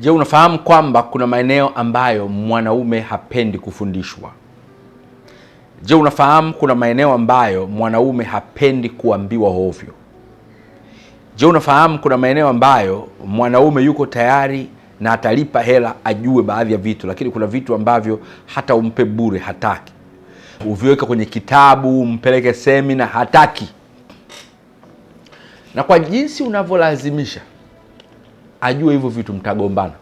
Je, unafahamu kwamba kuna maeneo ambayo mwanaume hapendi kufundishwa? Je, unafahamu kuna maeneo ambayo mwanaume hapendi kuambiwa hovyo? Je, unafahamu kuna maeneo ambayo mwanaume yuko tayari na atalipa hela ajue baadhi ya vitu, lakini kuna vitu ambavyo hata umpe bure hataki. Uviweke kwenye kitabu, umpeleke semina, hataki. Na kwa jinsi unavyolazimisha ajue hivyo vitu, mtagombana.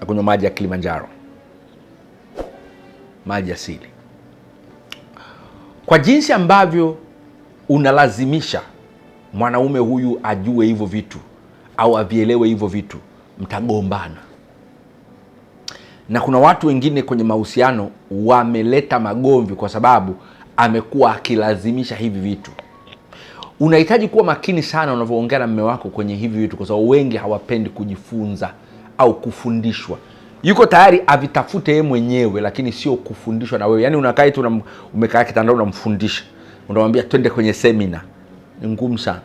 Nakunywa maji ya Kilimanjaro, maji asili. Kwa jinsi ambavyo unalazimisha mwanaume huyu ajue hivyo vitu au avielewe hivyo vitu, mtagombana. Na kuna watu wengine kwenye mahusiano wameleta magomvi kwa sababu amekuwa akilazimisha hivi vitu unahitaji kuwa makini sana unavyoongea na mme wako kwenye hivi vitu, kwa sababu wengi hawapendi kujifunza au kufundishwa. Yuko tayari avitafute yeye mwenyewe, lakini sio kufundishwa na wewe. Yani unakaa tu umekaa kitanda unamfundisha, unamwambia twende kwenye semina, ni ngumu sana.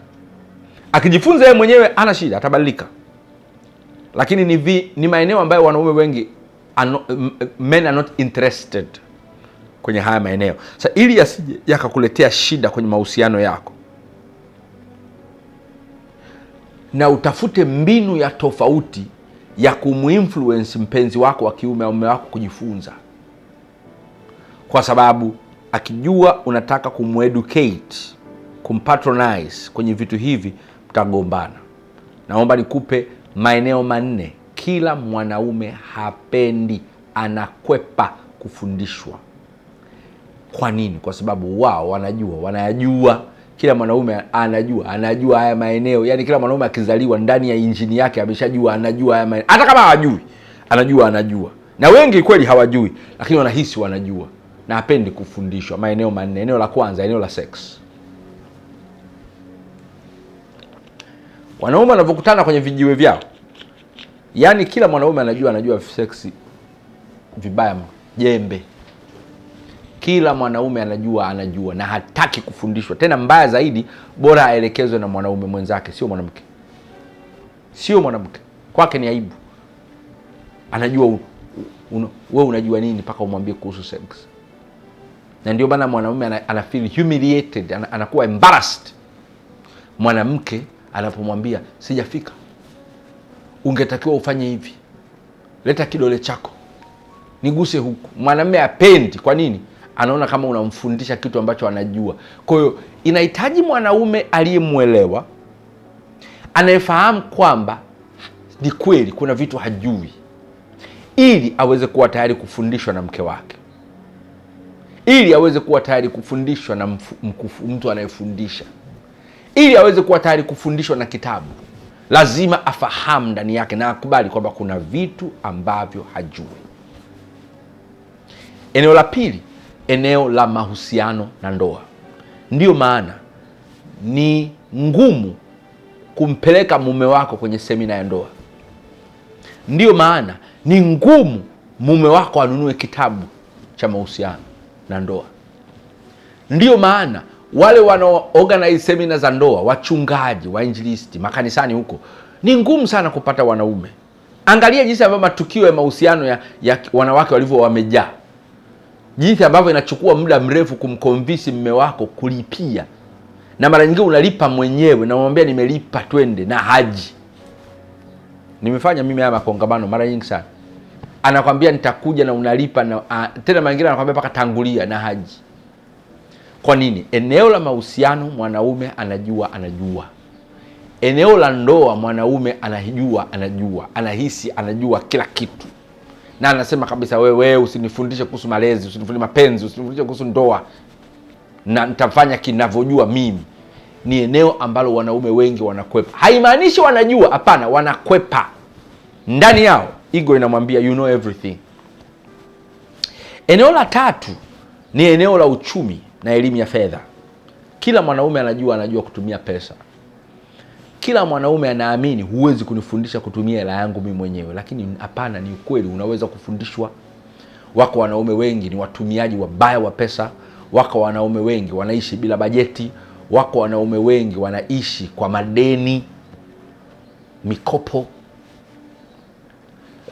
Akijifunza yeye mwenyewe ana shida, atabadilika. Lakini ni vi, ni maeneo ambayo wanaume wengi ano, men are not interested kwenye haya maeneo. Sasa ili yasije yakakuletea shida kwenye mahusiano yako na utafute mbinu ya tofauti ya kumuinfluence mpenzi wako wa kiume au mume wako kujifunza, kwa sababu akijua unataka kumueducate, kumpatronize kwenye vitu hivi, mtagombana. Naomba nikupe maeneo manne kila mwanaume hapendi, anakwepa kufundishwa. Kwa nini? Kwa sababu wao wanajua, wanayajua kila mwanaume anajua anajua haya maeneo yani, kila mwanaume akizaliwa ndani ya injini yake ameshajua anajua haya maeneo, hata kama hawajui anajua anajua. Na wengi kweli hawajui, lakini wanahisi wanajua, na apendi kufundishwa. Maeneo manne, eneo la kwanza, eneo la sex. Wanaume wanavyokutana kwenye vijiwe vyao, yani kila mwanaume anajua anajua seksi vibaya jembe kila mwanaume anajua, anajua na hataki kufundishwa. Tena mbaya zaidi, bora aelekezwe na mwanaume mwenzake, sio mwanamke, sio mwanamke. Kwake ni aibu. Anajua un, un, un, unajua nini mpaka umwambie kuhusu sex? Na ndio maana mwanaume ana feel humiliated, anakuwa embarrassed mwanamke anapomwambia sijafika, ungetakiwa ufanye hivi, leta kidole chako niguse huku. Mwanamume apendi. Kwa nini? anaona kama unamfundisha kitu ambacho anajua. Kwa hiyo inahitaji mwanaume aliyemwelewa, anayefahamu kwamba ni kweli kuna vitu hajui, ili aweze kuwa tayari kufundishwa na mke wake, ili aweze kuwa tayari kufundishwa na mfu, mkufu, mtu anayefundisha, ili aweze kuwa tayari kufundishwa na kitabu. Lazima afahamu ndani yake na akubali kwamba kuna vitu ambavyo hajui. Eneo la pili eneo la mahusiano na ndoa. Ndiyo maana ni ngumu kumpeleka mume wako kwenye semina ya ndoa. Ndiyo maana ni ngumu mume wako anunue kitabu cha mahusiano na ndoa. Ndiyo maana wale wanaoorganize semina za ndoa, wachungaji, wainjilisti makanisani huko, ni ngumu sana kupata wanaume. Angalia jinsi ambavyo matukio ya mahusiano ya, ya wanawake walivyo wamejaa jinsi ambavyo inachukua muda mrefu kumkomvisi mme wako kulipia, na mara nyingine unalipa mwenyewe, namwambia nimelipa, twende na haji. Nimefanya mimi haya makongamano mara nyingi sana, anakwambia nitakuja na unalipa na, a, ah, tena mara nyingine anakwambia paka tangulia na haji. Kwa nini? Eneo la mahusiano mwanaume anajua, anajua eneo la ndoa mwanaume anajua, anajua, anahisi, anajua kila kitu na anasema kabisa, wewe usinifundishe kuhusu malezi, usinifundishe mapenzi, usinifundishe kuhusu ndoa, na nitafanya kinavyojua mimi. Ni eneo ambalo wanaume wengi wanakwepa. Haimaanishi wanajua, hapana, wanakwepa. Ndani yao ego inamwambia you know everything. Eneo la tatu ni eneo la uchumi na elimu ya fedha. Kila mwanaume anajua, anajua kutumia pesa kila mwanaume anaamini huwezi kunifundisha kutumia hela yangu mi mwenyewe, lakini hapana, ni ukweli, unaweza kufundishwa. Wako wanaume wengi ni watumiaji wabaya wa pesa, wako wanaume wengi wanaishi bila bajeti, wako wanaume wengi wanaishi kwa madeni, mikopo.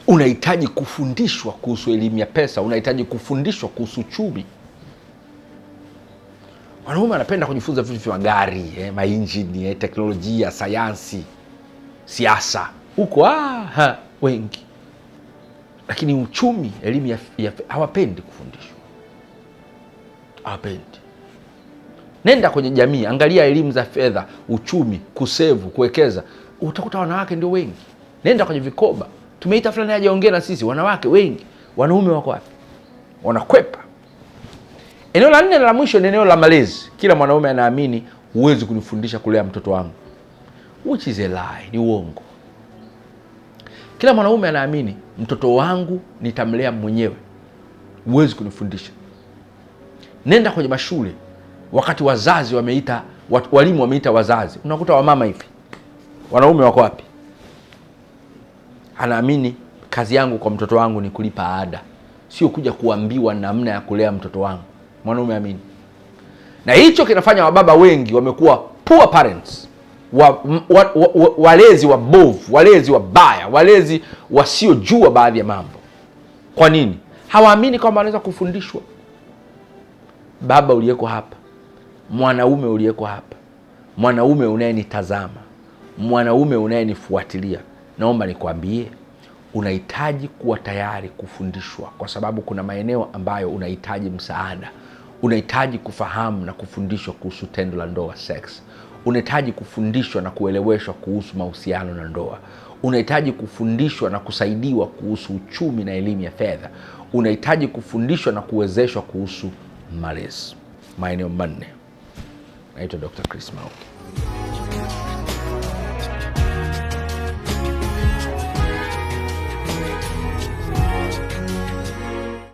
Unahitaji kufundishwa kuhusu elimu ya pesa, unahitaji kufundishwa kuhusu uchumi wanaume wanapenda kujifunza vitu vya magari eh, mainjini eh, teknolojia, sayansi, siasa huko ah, wengi, lakini uchumi, elimu hawapendi kufundishwa, hawapendi. Nenda kwenye jamii, angalia elimu za fedha, uchumi, kusevu, kuwekeza, utakuta wanawake ndio wengi. Nenda kwenye vikoba, tumeita fulani ajaongea na sisi, wanawake wengi. Wanaume wako wapi? Wanakwepa. Eneo la nne na la mwisho ni eneo la malezi. Kila mwanaume anaamini huwezi kunifundisha kulea mtoto wangu, which is a lie, ni uongo. Kila mwanaume anaamini mtoto wangu nitamlea mwenyewe, huwezi kunifundisha. Nenda kwenye mashule, wakati wazazi wameita walimu wameita wazazi, unakuta wamama hivi, wanaume wako wapi? Anaamini kazi yangu kwa mtoto wangu ni kulipa ada, sio kuja kuambiwa namna ya kulea mtoto wangu mwanaume amini. Na hicho kinafanya wababa wengi wamekuwa poor parents, wa, wa, wa, wa, walezi bovu walezi wabaya, walezi wasiojua baadhi ya mambo. Kwa nini? Hawaamini kwamba wanaweza kufundishwa. Baba uliyeko hapa, mwanaume uliyeko hapa, mwanaume unayenitazama, mwanaume unayenifuatilia, naomba nikwambie unahitaji kuwa tayari kufundishwa, kwa sababu kuna maeneo ambayo unahitaji msaada unahitaji kufahamu na kufundishwa kuhusu tendo la ndoa sex. Unahitaji kufundishwa na kueleweshwa kuhusu mahusiano na ndoa. Unahitaji kufundishwa na kusaidiwa kuhusu uchumi na elimu ya fedha. Unahitaji kufundishwa na kuwezeshwa kuhusu malezi. Maeneo manne. Naitwa Dr. Chris Mauki.